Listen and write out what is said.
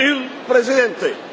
il presidente.